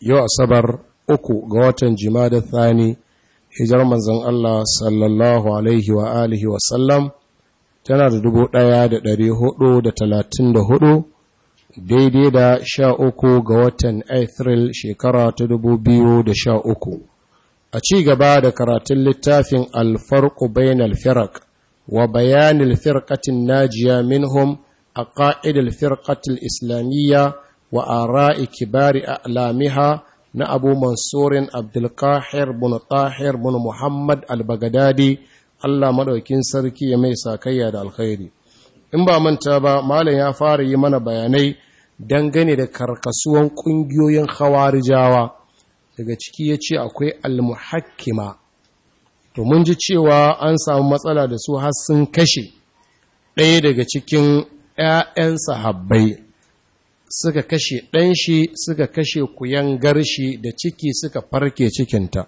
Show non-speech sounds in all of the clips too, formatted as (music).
yau asabar uku ga watan da thani hijar manzan Allah sallallahu alaihi wa alihi sallam tana da dubu ɗaya da ɗari hudu da talatin da hudu daidai da sha uku ga watan aithril shekara ta dubu biyu da sha uku a ci gaba da karatun littafin alfarku bayan alfirak wa bayanin firkatin najiya minhum a ƙa'idar firkatul islamiyya wa ara'i kibari a'lamiha na abu mansurin abdulkahir bin tahir bin muhammad al allah maɗaukin sarki ya mai sakayya da alkhairi in ba manta ba malam ya fara yi mana bayanai dangane da karkasuwan ƙungiyoyin hawarijawa daga ciki ya ce akwai almuhakkima to mun ji cewa an samu matsala da su har sun kashe ɗaya daga cikin 'ya'yan sahabbai suka kashe ɗan suka kashe kuyan shi da ciki suka farke cikinta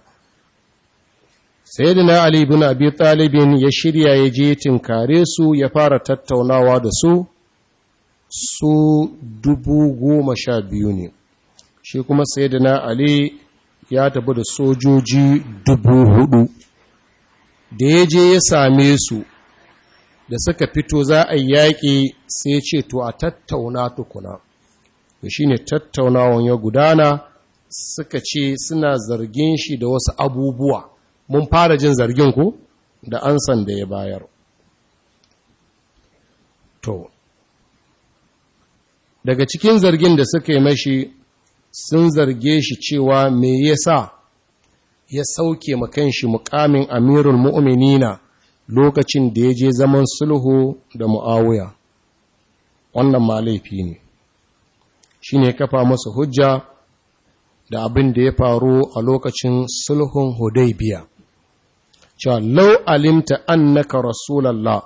sayyidina ali ibn abi talibin ya shirya ya je tinkare su ya fara tattaunawa da su su dubu goma sha biyu ne shi kuma sayyidina ali ya tabi da sojoji dubu hudu da ya je ya same su da suka fito za a yaƙi sai ce to a tattauna tukuna to ne tattaunawan ya gudana suka ce suna zargin shi da wasu abubuwa mun fara jin zargin ku da ansan da ya bayar to daga cikin zargin da suka yi mashi sun zarge shi cewa me yasa ya sauke makan shi mukamin amirul mu'minina lokacin da ya je zaman sulhu da mu'awiya wannan ma laifi ne shi ne kafa masa hujja da abin da ya faru a lokacin sulhun biya? cewa lau alimta annaka rasulallah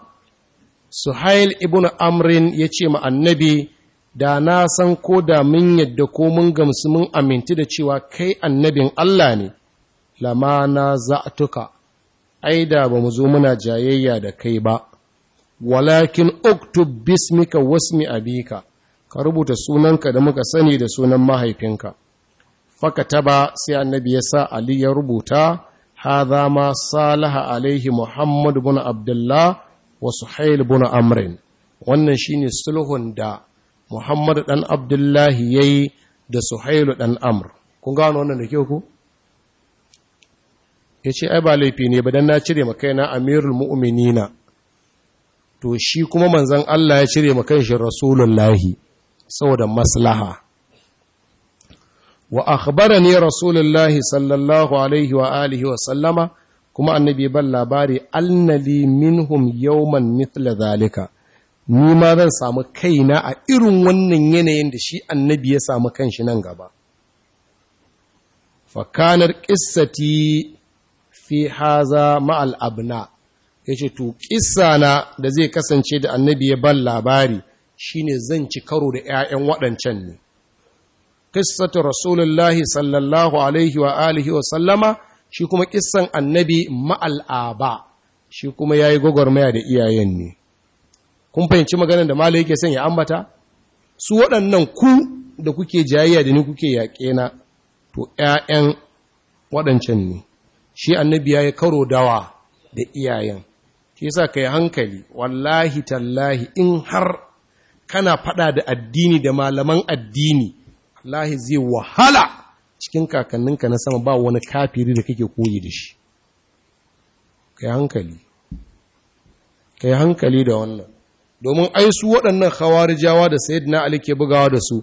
suhail ibn amrin ya ce ma annabi da na san ko da mun yadda ko mun gamsu mun aminti da cewa kai annabin Allah ne lama na za'atuka ai da ba mu zo muna jayayya da kai ba walakin uktub bismika wasmi abika ka rubuta sunanka da muka sani da sunan mahaifinka Faka ba sai annabi ya sa ali ya rubuta hadha ma salaha alaihi muhammad buna abdullah wa suhail buna amrin wannan shine sulhun da muhammad dan abdullahi yayi da suhailu dan amr kun gano wannan da kyau ku ya ce ai ba laifi ne ba don na cire makaina amirul mu'minina to shi kuma manzan Allah ya cire maka shi rasulullahi saboda maslaha wa akhbarani rasulullahi sallallahu alaihi wa alihi wa sallama kuma annabi ban labari annali minhum yawman mithla zalika ni ma zan samu kaina a irin wannan yanayin da shi annabi ya samu kanshi nan gaba fakanar qissati fi haza ma'al abna yace to na da zai kasance da annabi ya ban labari Shi ne zan ci karo da 'ya'yan waɗancan ne qissatu rasulullahi sallallahu alaihi wa alihi wa sallama shi kuma kissan annabi ma'al'aba shi kuma ya yayi gwagwarmaya da iyayen ne kun fahimci maganin da malai yake son ya ambata su waɗannan ku da kuke jayayya da ni kuke yaƙe na to 'ya'yan waɗancan ne shi annabi ya yi karo dawa da iyayen sa ka yi hankali wallahi tallahi in har kana fada da addini da malaman addini Allahi zai wahala cikin kakanninka na sama ba wani kafiri da kake koyi da shi kai hankali kai hankali da wannan domin ai su waɗannan khawarijawa da sayyidina ali ke bugawa da su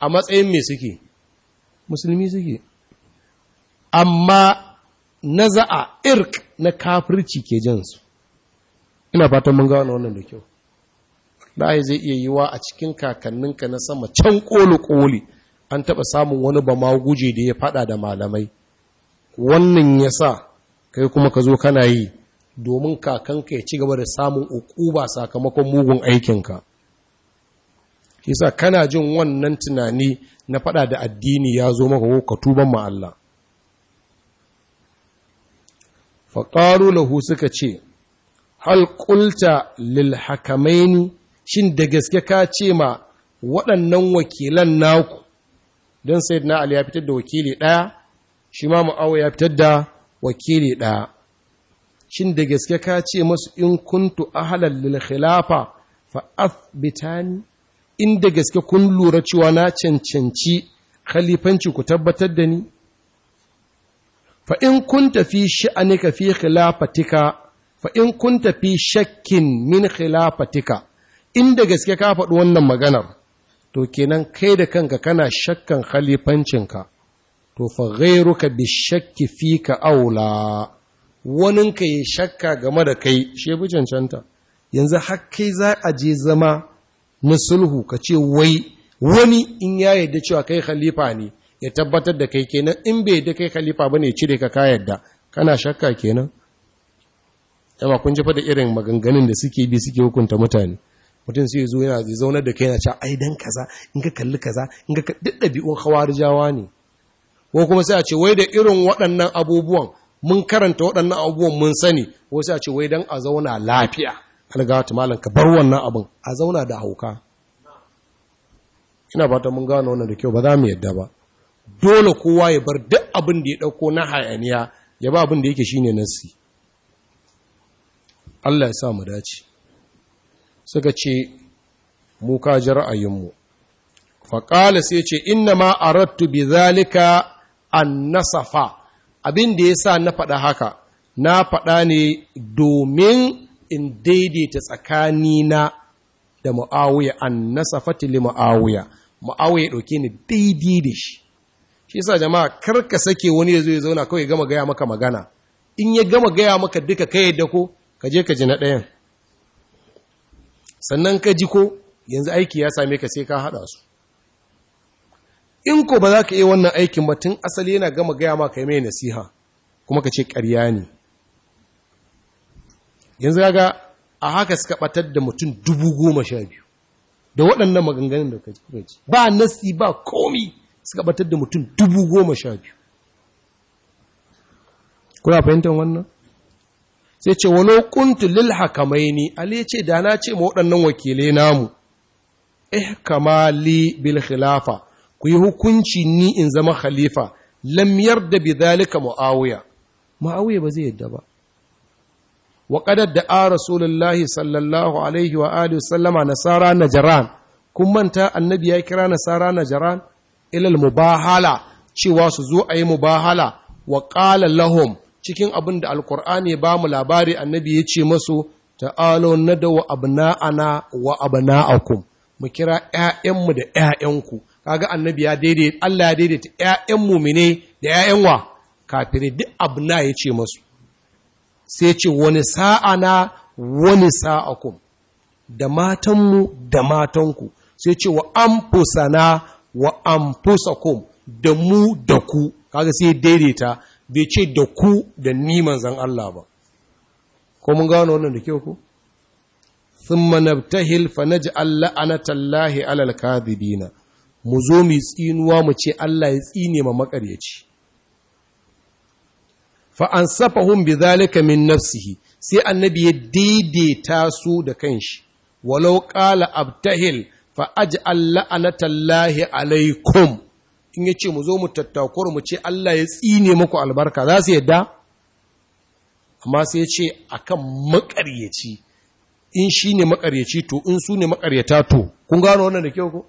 a matsayin me suke musulmi suke amma naza'a irk na kafirci ke jinsu ina fatan mun ga wannan da kyau bai zai iya yiwa a cikin kakanninka na sama can koli-koli an taɓa samun wani ba ma guje da ya faɗa da malamai wannan ya sa kai kuma ka zo kana yi domin kakanka ya ci gaba da samun ba sakamakon mugun aikinka yasa kana jin wannan tunani na faɗa da addini ya zo maka ko ka tuba ma Allah faƙaru lahu suka ce hal ƙulta lil hakamaini shin da gaske ka ce ma waɗannan wakilan naku don na ali ya fitar da wakili ɗaya shi ma ya fitar da wakili ɗaya shin da gaske ka ce masu in kuntu a lil khilafa fa bitani in da gaske kun lura cewa na cancanci khalifanci ku tabbatar da ni fa in kun tafi sha'anika fi khilafatika fa in kun tafi shakkin min khilafatika inda gaske ka faɗi wannan maganar to kenan kai da kanka kana shakkan khalifancinka to fa ka bi shakki fika aula waninka ya shakka game da kai shi cancanta yanzu har kai za a je zama na sulhu ka ce wai wani in ya yarda cewa kai khalifa ne ya tabbatar da kai kenan in bai yarda kai khalifa bane ya cire ka ka yarda kana shakka kenan yawa kun ji fada irin maganganun da suke bi suke hukunta mutane mutum sai zo yana zaunar da kai yana cewa ai dan kaza in ka kalli kaza in ka duk ɗabi'un khawarijawa ne ko kuma sai a ce wai da irin waɗannan abubuwan mun karanta waɗannan abubuwan mun sani ko sai a ce wai dan a zauna lafiya algawata malam ka bar wannan abin a zauna da hauka ina fata mun gano wannan da kyau ba za mu yadda ba dole kowa ya bar duk abin da ya ɗauko na hayaniya ya ba abin da yake shine nasi Allah ya sa mu dace suka ce mu ka ji ra'ayinmu faƙala sai ce inna ma arattu bi zalika an nasafa abin da ya sa na faɗa haka na faɗa ne domin in daidaita tsakanina da mu'awiya an nasafa tili mu'awiya mu'awiya ɗauke ni daidai da shi shi sa jama'a karka sake wani ya zo ya zauna kawai gama gaya maka magana in ya gama gaya maka duka kai da ko ka je ka ji na ɗayan sannan ka ji ko yanzu aiki ya same ka sai ka haɗa su in ko ba za ka iya wannan aikin ba tun asali yana gama gaya ma ka yi mai nasiha kuma ka ce ƙarya ne yanzu ga a haka suka ɓatar da mutum dubu goma sha biyu da waɗannan maganganun da kuka ji ba nasi ba komi suka ɓatar da mutum dubu goma sha biyu kuna fahimtar wannan sai ce walau kuntu hakamaini ali ce da na ce ma waɗannan wakilai namu ihkama li bil khilafa ku yi hukunci ni in zama khalifa lam yarda bi dhalika muawiya muawiya ba zai yadda ba wa qad da'a rasulullahi sallallahu alaihi wa alihi sallama nasara najran kun manta annabi ya kira nasara najran ila al mubahala cewa su zo ayi mubahala wa qala lahum cikin abin da alkur'ani ba mu labari annabi ya ce masu ta'alo na abna'ana wa abna'akum mu kira ƴaƴanmu da ƴaƴanku kaga annabi ya daidai Allah ya daidaita ƴaƴan mumine da ƴaƴan wa kafirai duk abna ya ce masu sai ce wani sa'ana wani sa'akum da matanmu da matanku sai ce wa anfusana wa anfusakum da mu da ku kaga sai daidaita bai ce da ku da ni manzan Allah ba ko mun gano wannan da kyau ku thumma nabtahil fa ana tallahi 'alal kadhibina mu zo mu tsinuwa mu ce Allah ya tsine ma makaryaci fa bi zalika min nafsihi sai annabi ya daidaita su da kanshi walau ƙala abtahil fa ana tallahi alaikum. in ya ce mu zo mu tattakur mu ce Allah ya tsine muku albarka za su yadda amma sai ya ce a kan makaryaci in shi ne makaryaci to in su ne makaryata to kun gano wannan da kyau ko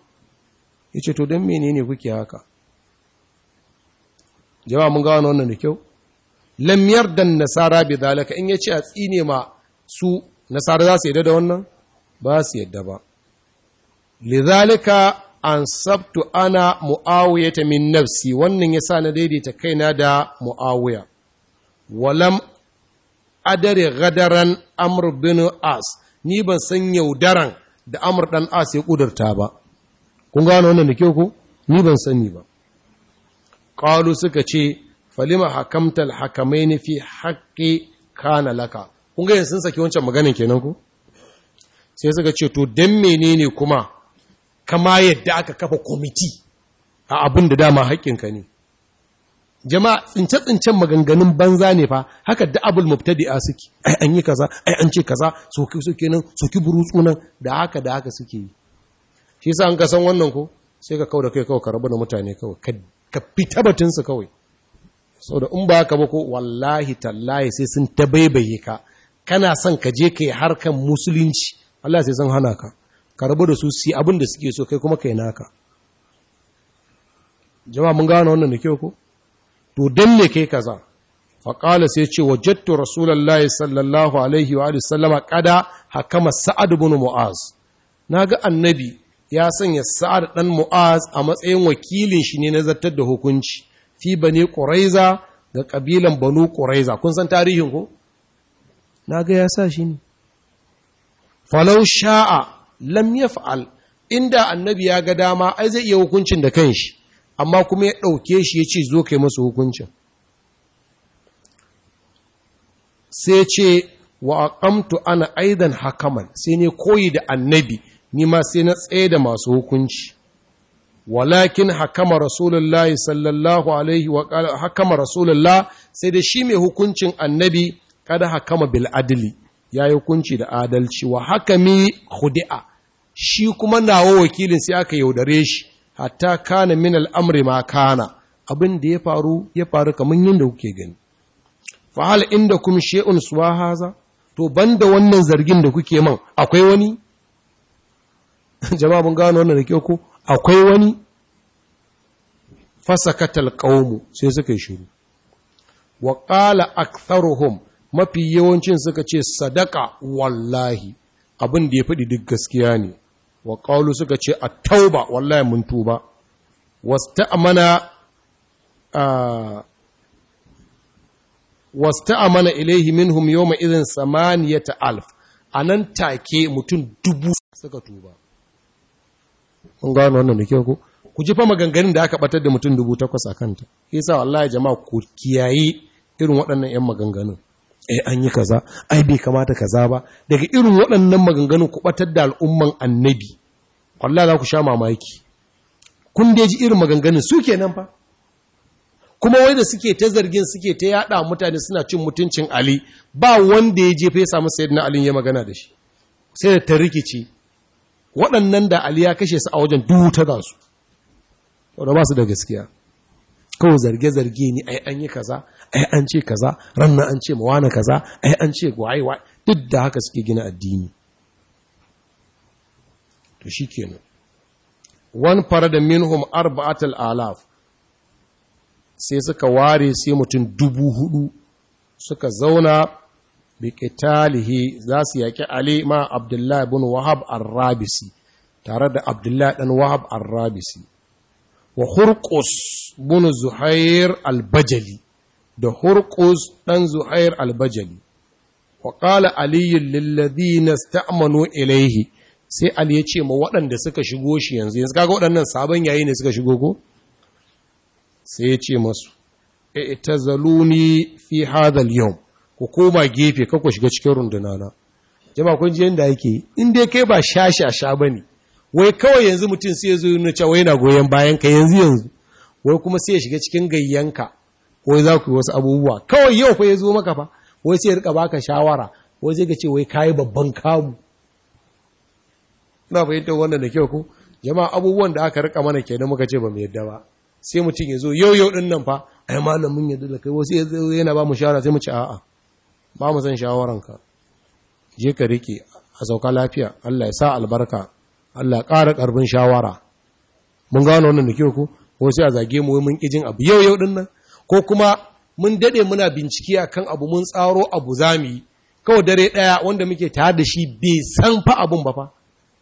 ya ce to don mene ne kuke haka jama'a mun gano wannan da kyau lamiyar da nasara bi zalaka in ya ce a tsine ma su nasara za su yadda da wannan ba su yadda ba lizalika an sabtu ana mu'awiya min nafsi wannan ya sa na daidaita kaina da mu'awiya walam adare gadaran amr bin as ni ban san yaudaran da amr dan as ya kudurta ba kun gano wannan da ke ku ni ban sani ba qalu suka ce falima hakamtal hakamai hakamaini fi haqqi kana laka kun ga sun saki wancan maganin kenan ku sai suka ce to dan menene kuma kama yadda aka kafa kwamiti a abin da dama haƙƙinka ne jama'a tsince-tsincen maganganun banza ne fa haka da mubtadi'a suke ai an yi kaza ai an ce kaza soki suke nan soki burutsu nan da haka da haka suke yi shi sa an ka san wannan ko sai ka kawo da kai kawai ka rabu da mutane kawai ka fita batun su kawai da in ba ka ba ko wallahi tallahi sai sun tabaibaye ka kana son ka je kai harkan musulunci Allah sai sun hana ka ka da su si abin da suke so kai kuma kai naka jama'a mun gano wannan da kyau ko to dan ne kai kaza fa qala sai ce wajadtu rasulullahi sallallahu alaihi wa alihi sallama qada hakama sa'ad ibn mu'az naga annabi ya sanya sa'ad dan mu'az a matsayin wakilin shi ne na zartar da hukunci fi bani quraiza ga kabilan banu quraiza kun san tarihin ko naga ya sa shi ne falau sha'a lam yaf'al inda annabi ya ga dama ai zai iya hukuncin da kanshi amma kuma ya ɗauke shi ya ce zo kai masa hukuncin sai ce wa aqamtu ana aidan hakaman sai ne koyi da annabi ni ma sai na tsaye da masu hukunci walakin hakama rasulullahi sallallahu alaihi wa hakama rasulullah sai da shi mai hukuncin annabi kada hakama bil adli ya yi hukunci da adalci wa hakami hudi'a. shi kuma nawa wakilin sai aka yaudare shi hatta kana min al'amri ma kana abin da ya faru ya faru kamar yadda kuke gani fa'al inda kum she'un suwa haza to banda wannan zargin da kuke man akwai wani (laughs) jama'a mun gano wannan da ke ku akwai wani fasakatal qaumu sai suka yi shiru wa qala aktharuhum mafi yawancin suka ce sadaka wallahi abin da ya faɗi duk gaskiya ne wa qalu suka ce a tauba wallahi mun tuba wasu wasta'mana wasta'mana ilayhi minhum irin samaniya ta alf a nan take mutum dubu suka tuba kun gano wannan da kyau ku. ku ji maganganin da aka batar da mutum dubu takwas a kanta isa wallahi jama'a ku kiyaye irin waɗannan 'yan maganganun eh an yi kaza ai bai kamata kaza ba daga irin waɗannan maganganun ku batar da al'umman annabi kwallo za ku sha mamaki kun da ji irin maganganu suke nan fa kuma wai da suke ta zargin suke ta yada mutane suna cin mutuncin Ali ba wanda ya jefe ya samu na Ali ya magana da shi sai da ta rikici waɗannan da Ali ya kashe su a wajen duta da su wadda ba su da gaskiya kawo zarge-zarge ne ai an yi kaza ai an ce kaza ranar an ce mawana kaza ai an ce gwayewa duk da haka suke gina addini to shi kenan wani fara da minhum arba'atul alaf sai suka ware sai mutum dubu hudu suka zauna bi qitalihi za su yaƙi ali ma abdullahi bin wahab ar-Rabisi, tare da abdullahi dan wahab arrabisi wa hurqus bin zuhair albajali da hurqus dan zuhair albajali wa qala ali lil ladina sta'manu ilayhi sai ali ya ce ma waɗanda suka shigo shi yanzu yanzu kaga waɗannan sabon yayi ne suka shigo ko sai ya ce masu e itazaluni fi hadha al-yawm ku koma gefe ka ku shiga cikin runduna na jama kun ji yanda yake in dai kai ba sha-sha-sha ba bane wai kawai yanzu mutum sai ya zo yana cewa yana goyen bayan ka yanzu yanzu wai kuma sai ya shiga cikin gayyanka wai za ku yi wasu abubuwa kawai yau fa ya zo maka fa wai sai ya rika baka shawara wai zai ga ce wai kai babban kamu na fahimtar wannan da kyau ko jama'a abubuwan da aka rika mana kenan muka ce ba mu yadda ba sai mutum ya zo yau din nan fa ai malamin yadda da kai wasu yana ba mu shawara sai mu ce a'a ba mu san ka je ka rike a sauka lafiya Allah ya sa albarka Allah ya ƙara ƙarfin shawara mun gano wannan da kyau ko Wasu a zage mu mun kijin abu yau din nan ko kuma mun dade muna bincike akan abu mun tsaro abu zami kawai dare daya wanda muke tare da shi bai san fa abun ba fa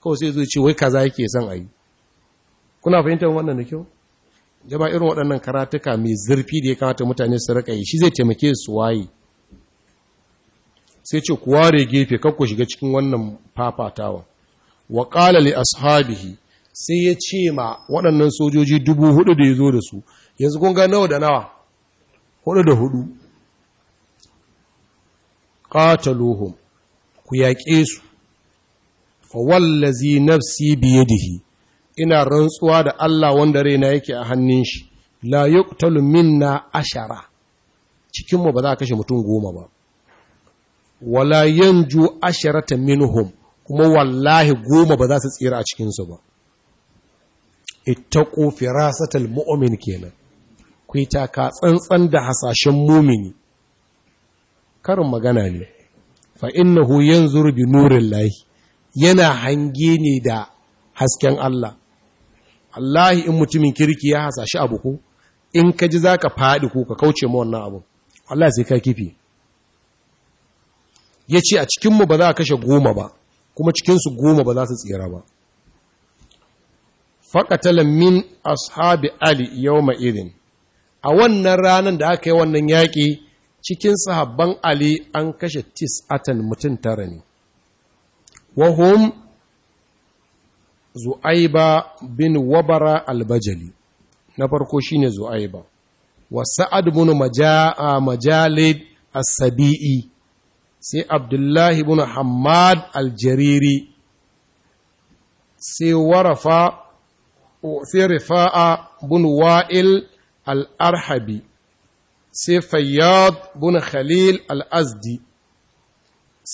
kawai sai zo ce wai kaza yake son a yi kuna fahimtar wannan da kyau jama irin waɗannan karatuka mai zurfi da ya kamata mutane su rika yi shi zai taimake su waye sai ce ku ware gefe ku shiga cikin wannan fafatawa wa qala li ashabihi sai ya ce ma waɗannan sojoji dubu hudu da ya zo da su yanzu kun ga nawa da nawa hudu da hudu qataluhum ku yaƙe su wallazi nafsi biyadihi ina rantsuwa da Allah wanda raina yake a hannun shi la yuqtalu minna ashara cikin mu ba za a kashe mutum goma ba wala yanju asharata minhum kuma wallahi goma ba za su tsira a cikin su ba ittaqu firasatal mu'min kenan ku taka tsantsan da hasashen mumini karin magana ne fa innahu yanzuru bi nurin yana hange ne da hasken Allah Allahi in mutumin kirki ya hasa shi abu ku, in ka ji za ka faɗi ko ka kauce ma wannan abu Allah sai ka kifi ya ce a cikinmu ba za a kashe goma ba kuma cikinsu goma ba za su tsira ba fakatalan min ashabi ali yau irin a wannan ranar da aka yi wannan yaƙi cikin sahabban ali an kashe tis atan mutum tara ne wahum zu'aiba bin wabara albajali na farko shine zu'aiba wa sa'ad bin majalid as-sabi'i sai abdullahi bin hammad al-jariri sai warafa sai bun wa'il al-arhabi sai fayyad bin khalil al-azdi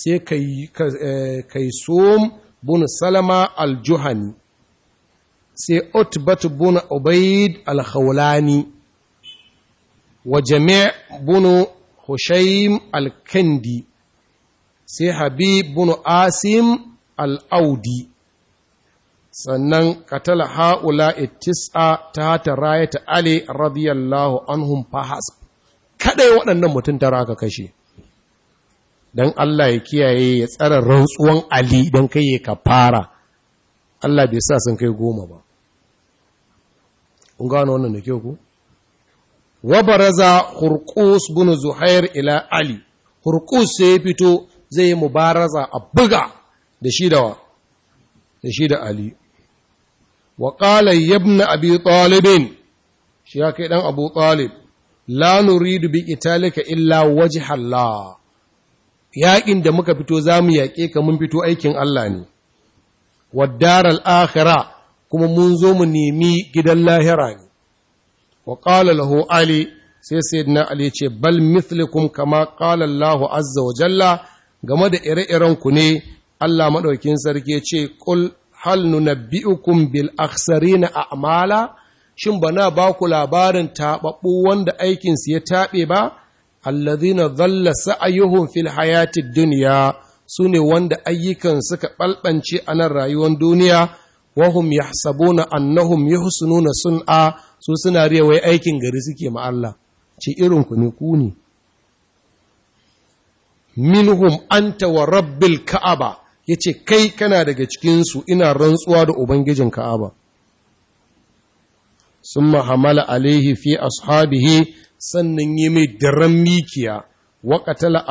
sai yi eh, som bin salama al sai utbat bin ubaid al wa jami' bin Hushayim al-kandi sai habi bin asim alaudi sannan katala ha'ula itis'a ta ta ali radiyallahu anhum fahas kaɗai waɗannan mutum tara aka kashe don Allah ya kiyaye ya tsara rantsuwan Ali don kai ya kafara Allah bai sa sun kai goma ba kun gano wannan da ke ku wa raza hurkus bin zuhair ila ali hurkus sai ya fito zai yi mubaraza a buga da shi da da shi da ali wa ƙala yabna abi ɗalibin, shi ya kai ɗan abu ɗalib. la nuridu bi italika illa wajha allah yaƙin da muka fito za mu yaƙe ka mun fito aikin Allah ne waddar al'akhira kuma mun zo mu nemi gidan lahira ne wa ƙala ali sai sayyidina ali ce bal mithlikum kama ƙala Allahu azza wa jalla game da ire-iren ne Allah maɗaukin sarki ce Ƙul hal bi’ukun bil na a'amala shin bana ba ku labarin taɓaɓɓu wanda aikinsu ya taɓe ba alladhina dhalla sa'yuhum fil hayati dunya sune wanda ayyukan suka balbance a nan rayuwar duniya wahum yahsabuna annahum yuhsinuna sun'a su suna riya wai aikin gari suke ma Allah ce irin ku ne ku ne minhum anta wa rabbil ka'aba yace kai kana daga cikin su ina rantsuwa da ubangijin ka'aba summa hamala alaihi fi ashabihi sannan yi mai daren mikiya wa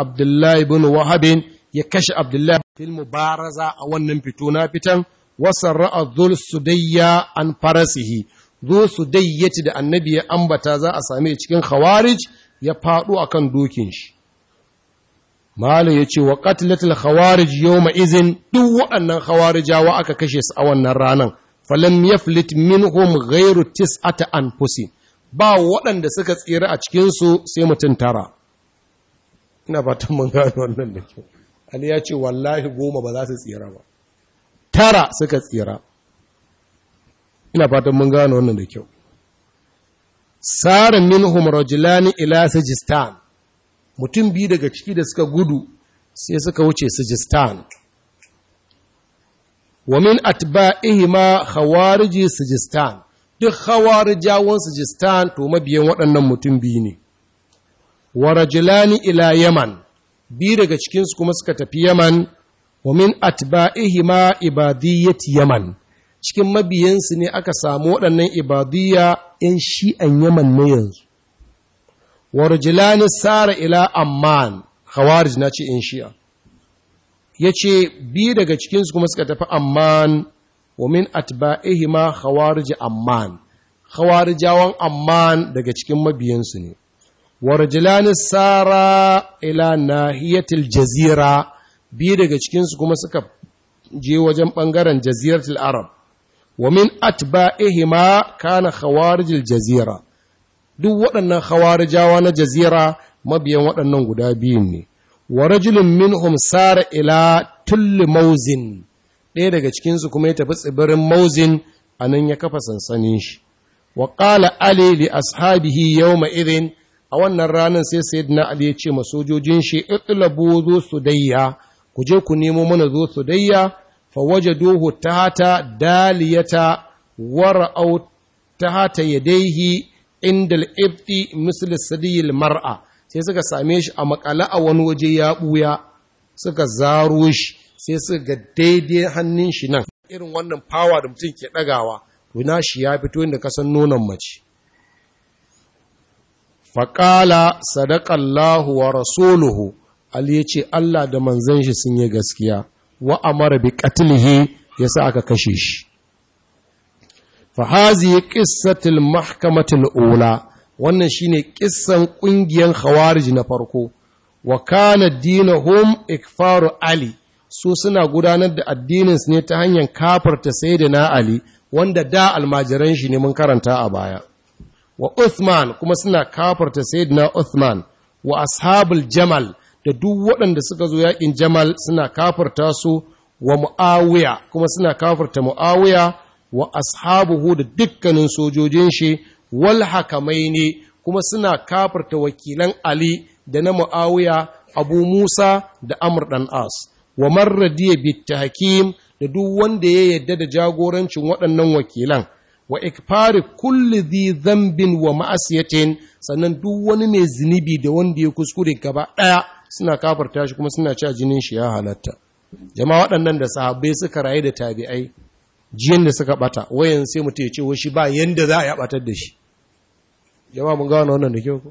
abdullahi bin wahabin ya kashe abdullahi fil mubaraza a wannan fito na fitan wasan ra'a zul sudayya an farasihi zo sudayyati da annabi ya ambata za a same cikin khawarij ya faɗo akan dokin shi Mala ya ce wa katilatul khawarij yau izin duk waɗannan khawarijawa aka kashe su a wannan ranan falam ya flit minhum gairu tis'ata an ba waɗanda suka tsira a cikinsu sai mutum tara ina fatan mun gano wannan da kyau ali ya ce wallahi goma ba za su tsira ba tara suka tsira ina fatan mun gano wannan da kyau sara min rajulani ila Sijistan, mutum biyu daga ciki da suka gudu sai suka wuce Sijistan. wa min atba'ihima khawariji Sijistan. duk hawari jawon jista to mabiyan waɗannan mutum biyu ne wa rajulani ila yaman biyu daga cikinsu kuma suka tafi yaman wa min atba'ihima ibadiyyati yaman cikin su ne aka samu waɗannan ibadiyya shi shi'an yaman na yanzu wa rajulani sara ila amman khawarij na ce in shi'a ya ce biyu daga cikinsu kuma suka tafi amman wa min atba'ihima khawarij amman khawarijawan amman daga cikin mabiyansu ne warjilani rajulani sara ila nahiyatil jazira biyu daga cikinsu kuma suka je wajen ɓangaren jaziratul arab wa min atba'ihima kana khawarijil jazira duk waɗannan khawarijawa na jazira mabiyan waɗannan guda biyu ne wa minhum sara ila tulli mauzin ɗaya daga cikinsu kuma ya tafi tsibirin mauzin a nan ya kafa sansanin shi wa ƙala ali li ashabihi ma irin a wannan ranar sai na ali ya ce ma sojojin shi itlabu zo su dayya ku je ku nemo mana zo su dayya fa waje ta, hata daliyata wara'au ya yadaihi inda al-ibti sadiyil mar'a sai suka same shi a makala a wani waje ya ɓuya, suka zaro shi sai su ga daidai hannun shi nan irin wannan fawa da mutum ke ɗagawa tuna shi ya fito inda kasan nonon mace faƙala sadaƙallahu wa rasuluhu ali ya ce allah da manzan shi sun yi gaskiya wa amara bi qatlihi ya sa aka kashe shi fahazi qissatul mahkamatul ola wannan shi ne ƙissan ƙungiyar hawarji na farko wa kana dinuhum ikfaru ali su suna gudanar da addininsu ne ta hanyar kafarta sai da na Ali wanda da almajiran shi ne mun karanta a baya. Wa Uthman kuma suna kafarta sai da na Uthman wa ashabul Jamal da duk waɗanda suka zo yaƙin Jamal suna kafarta su wa Mu'awiya kuma suna kafarta Mu'awiya wa ashabuhu da dukkanin sojojin shi wal hakamai ne kuma suna kafarta wakilan Ali da na Mu'awiya Abu Musa da Amr dan As. wa marradiya bitahkim da duk wanda ya yadda da jagorancin waɗannan wakilan wa ikfari kulli dhi dhanbin wa ma'asiyatin sannan duk wani mai zunubi da wanda ya kuskure gaba ɗaya suna kafarta shi kuma suna cewa jinin shi ya halatta jama'a waɗannan da sahabbai suka rayu da tabi'ai jiyan da suka bata wayan sai mutum ya ce wa shi ba yanda za a yi batar da shi jama'a mun gano wannan da kyau ko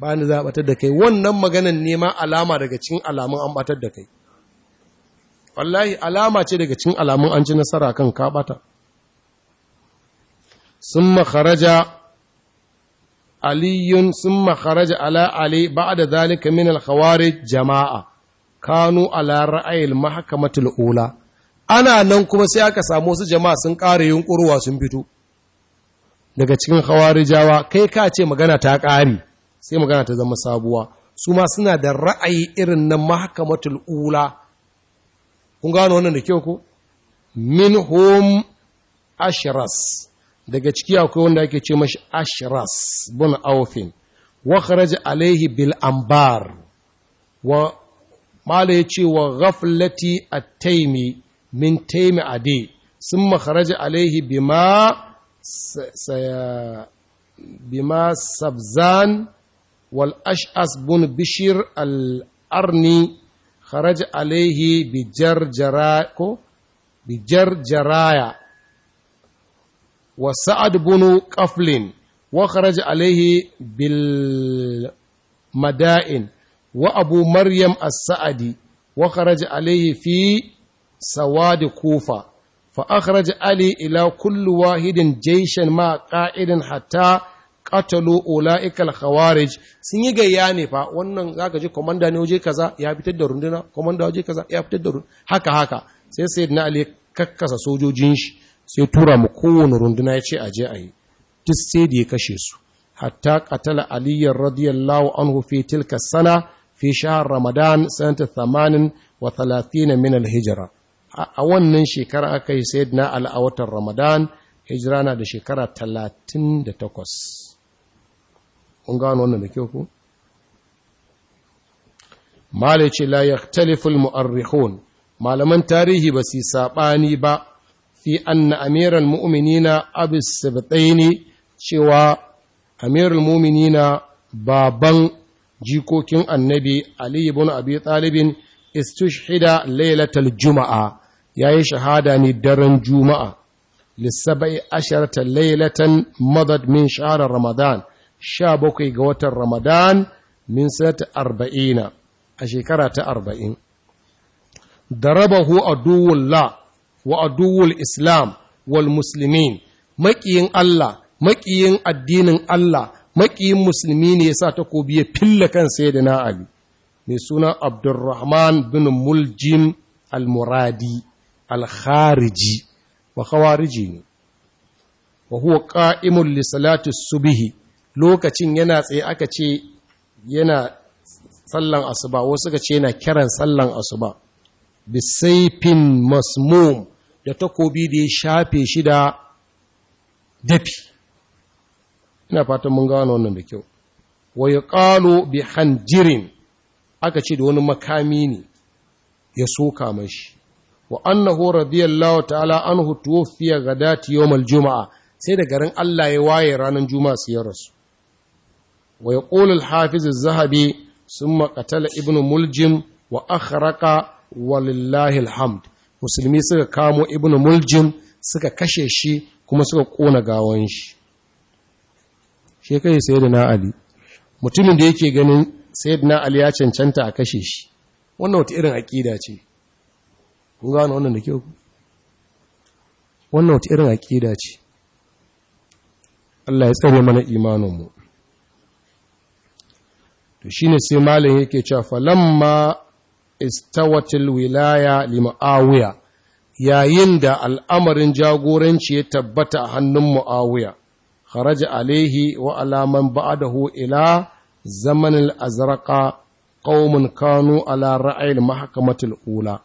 ba ni za a batar da kai wannan maganan nema alama daga cikin alamun an batar da kai wallahi alama ce daga cin alamun an ci nasara kan kaɓata sun makaraja aliyun sun makaraja ala ali ba da zalika min alkhawari jama'a kanu ala ra'ayil mahakamatul ula ana nan kuma sai aka samu su jama'a sun ƙara yunƙurwa sun fito daga cikin hawarijawa kai ka ce magana ta ƙari sai magana ta zama sabuwa su ma suna da ra'ayi irin na mahakamatul ula kun gano wannan da kyau ko min hum ashras daga ciki akwai wanda ake ce mashi ashras bin aufin wa kharaja alaihi bil ambar wa mala ya ce wa ghaflati at-taimi min taimi adi summa kharaja alaihi bima bima sabzan wal ash'as bun bishir al-arni kharaj alaihi bijarjara ko wa sa'ad bunu ƙaflin wa kharaj alaihi wa abu maryam as-sa'adi wa kharaj alaihi fi sawad kufa fa akhraj ali ila kulli wahidin jayshan ma qa'idin hatta qatalu ulaika al-khawarij sun yi gayya ne fa wannan zaka ji komanda ne waje kaza ya fitar da runduna komanda waje kaza ya fitar da haka haka sai sayyidina ali kakkasa sojojin shi sai tura mu kowane runduna ya ce a je a yi duk sai da ya kashe su hatta qatala ali radiyallahu anhu fi tilka sana fi shahr ramadan sanata 80 wa 30 min al-hijra a wannan shekara aka yi sayyidina al ramadan hijira na da shekara talatin takwas. kun gano wannan da kyau ko malice la yaktaliful mu'arrikhun malaman tarihi ba su sabani ba fi anna amiral mu'minina abis cewa amirul mu'minina baban jikokin annabi ali ibn abi talibin istushhida lailatal juma'a yayi shahada ne daren juma'a lissabai asharta lailatan madad min shahar ramadan sha bakwai ga watan Ramadan min sanata arba'ina a shekara ta arba'in. da Darabahu la wa aduwul Islam wal Musulmin, maƙiyin Allah, maƙiyin addinin Allah, maƙiyin musulmi ne ya sa ta kobi ya filla kan na Ali, mai suna Abdurrahman bin Muljim al-Muradi, al-Khariji, wa Khawariji ne, wa huwa ƙa'imun lissalatis subihi, lokacin yana tsaye aka ce yana sallan asuba wasu ka ce yana kiran sallan asuba bisaifin masmum da takobi da ya shafe shi da dafi ina fatan mun gano wannan da kyau wa ƙaro bi hanjirin aka ce da wani makami ne ya soka mashi wa annahu radiyallahu ta'ala anhu tuwfiya gadati yawmal juma'a sai da garin Allah ya waye ranar juma'a sai ya rasu wa ya ƙolul hafizin zahabi sun makatala ibn muljim wa akharaka walillahi alhamd musulmi suka kamo ibn muljim suka kashe shi kuma suka ƙona gawon shi shi kai sai da ali mutumin da yake ganin sai da ali ya cancanta a kashe shi wannan wata irin aƙida ce kun gano wannan da kyau wannan wata irin aƙida ce Allah ya tsare mana imaninmu to shine sai malam yake cewa falamma istawatil wilaya limu'awiya yayin da al'amarin jagoranci ya tabbata a hannun muawiya kharaja alaihi wa alaman ba'dahu ila zaman al-azraqa qaumun kanu ala ra'ayil mahkamatil ula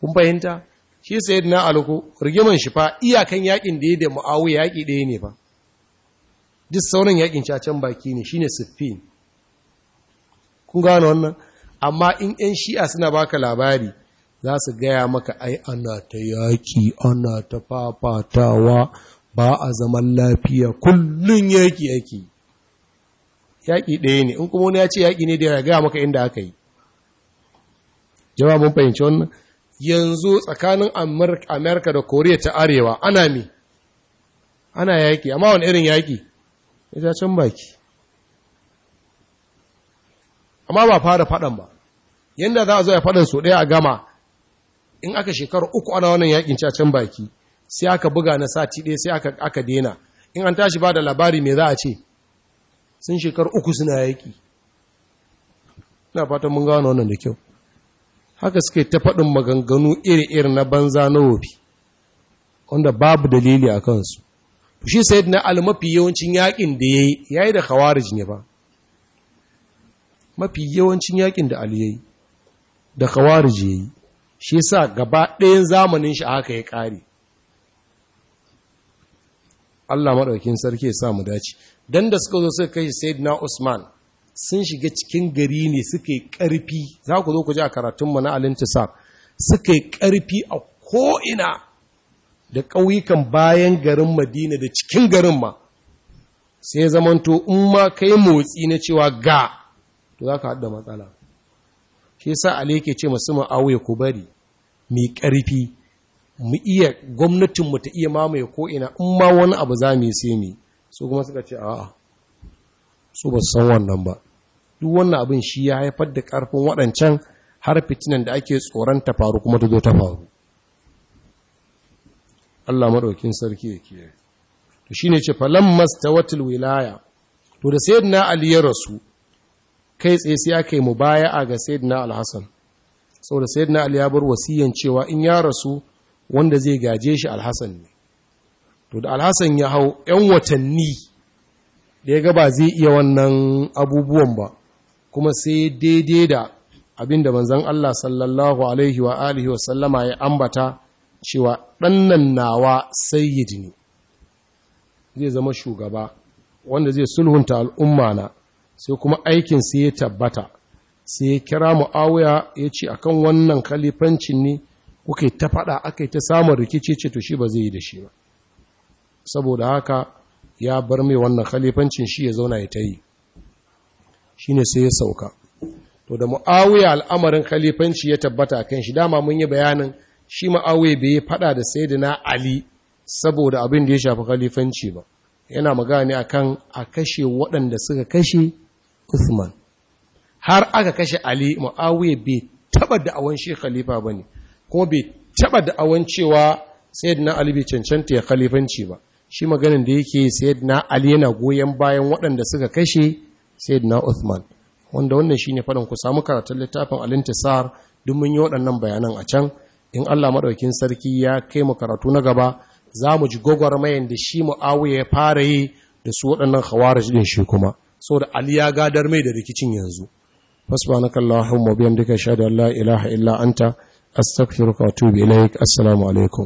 kun fahimta shi sayyidina aluku rigiman shi fa iyakan yakin da ya da muawiya yaki ɗaya ne ba duk sauran yakin cacen baki ne shine siffin kun gano wannan amma in 'yan shi'a suna baka labari za su gaya maka ai ana ta yaƙi ana ta fafatawa ba a zaman lafiya kullum yaƙi yaƙi yaƙi ɗaya ne in kuma wani ya ce yaƙi ne da ya gaya maka inda aka yi jama'a mun fahimci wannan yanzu tsakanin amerika da koriya ta arewa ana mi ana yaƙi amma wani irin yaƙi ya can baki amma ba fara faɗan ba yadda za a zo ya faɗan so ɗaya a gama in aka shekaru uku ana wannan yakin cacen baki sai aka buga na sati ɗaya sai aka aka dena in an tashi ba da labari me za a ce sun shekaru uku suna yaki ina fatan mun gano wannan da kyau haka suke ta faɗin maganganu iri-iri na banza na wofi wanda babu dalili a kansu shi sayid na almafi yawancin yakin da ya yi ya yi da khawarij ne ba mafi yawancin yakin da Ali yayi da Khawarij yayi shi sa gaba ɗayan zamanin shi haka ya ƙare Allah maɗaukin sarki ya sa mu dace dan da suka zo suka kai Sayyidina Usman sun shiga cikin gari ne suka yi ƙarfi za ku zo ku ji a karatunmu na alintisar suka yi ƙarfi a ko'ina da ƙauyukan bayan garin madina da cikin garin ma sai zamanto in ma kai motsi na cewa ga to za ka haɗa matsala shi sa ali yake ce masu ma'auye ku bari mai ƙarfi mu iya gwamnatinmu ta iya mamaye ko'ina in ma wani abu za mu yi sai mu su kuma suka ce a'a su ba su san wannan ba duk wannan abin shi ya haifar da ƙarfin waɗancan har fitinan da ake tsoron ta faru kuma ta zo ta faru Allah maɗaukin sarki ya kiyaye to shine ce falammas tawatul wilaya to da sayyidina ali ya rasu kai tsaye sai aka yi a ga sayyidina al saboda sayyidina ali ya bar wasiyan cewa in ya rasu wanda zai gaje shi al ne to da AlHassan ya hau yan watanni da ya ga ba zai iya wannan abubuwan ba kuma sai daidai da abinda manzon Allah sallallahu alaihi wa alihi wa sallama ya ambata cewa ɗannan nawa Sayyid ne zai zama shugaba wanda zai sulhunta al'umma na sai kuma aikin sai ya tabbata sai ya kira mu'awiya ya ce a kan wannan kalifancin ne kuka ta faɗa aka yi ta samun rikici ce to shi ba zai yi da shi ba saboda haka ya bar mai wannan kalifancin shi ya zauna ya ta yi shi ne sai ya sauka to da mu'awiya al'amarin kalifanci ya tabbata a kan shi dama mun yi bayanin shi mu'awiya bai faɗa da na ali saboda abin da ya shafi kalifanci ba yana magana akan a kashe waɗanda suka kashe Uthman har aka kashe Ali Muawiya bai taba awan shi khalifa bane kuma bai taba awan cewa Sayyidina Ali bai cancanta ya khalifanci ba shi maganin da yake Sayyidina Ali yana goyen bayan waɗanda suka kashe Sayyidina Uthman wanda wannan shine faɗin ku samu karatun littafin Al-Intisar duk mun yi waɗannan bayanan a can in Allah madaukin sarki ya kai mu karatu na gaba za mu ji gwagwarmayan da shi Muawiya ya fara yi da su waɗannan khawarij din shi kuma so da ali ya gadar mai da rikicin yanzu subhanaka allahumma wa bihamdika ashhadu an la ilaha illa anta astaghfiruka wa atubu ilaik assalamu alaikum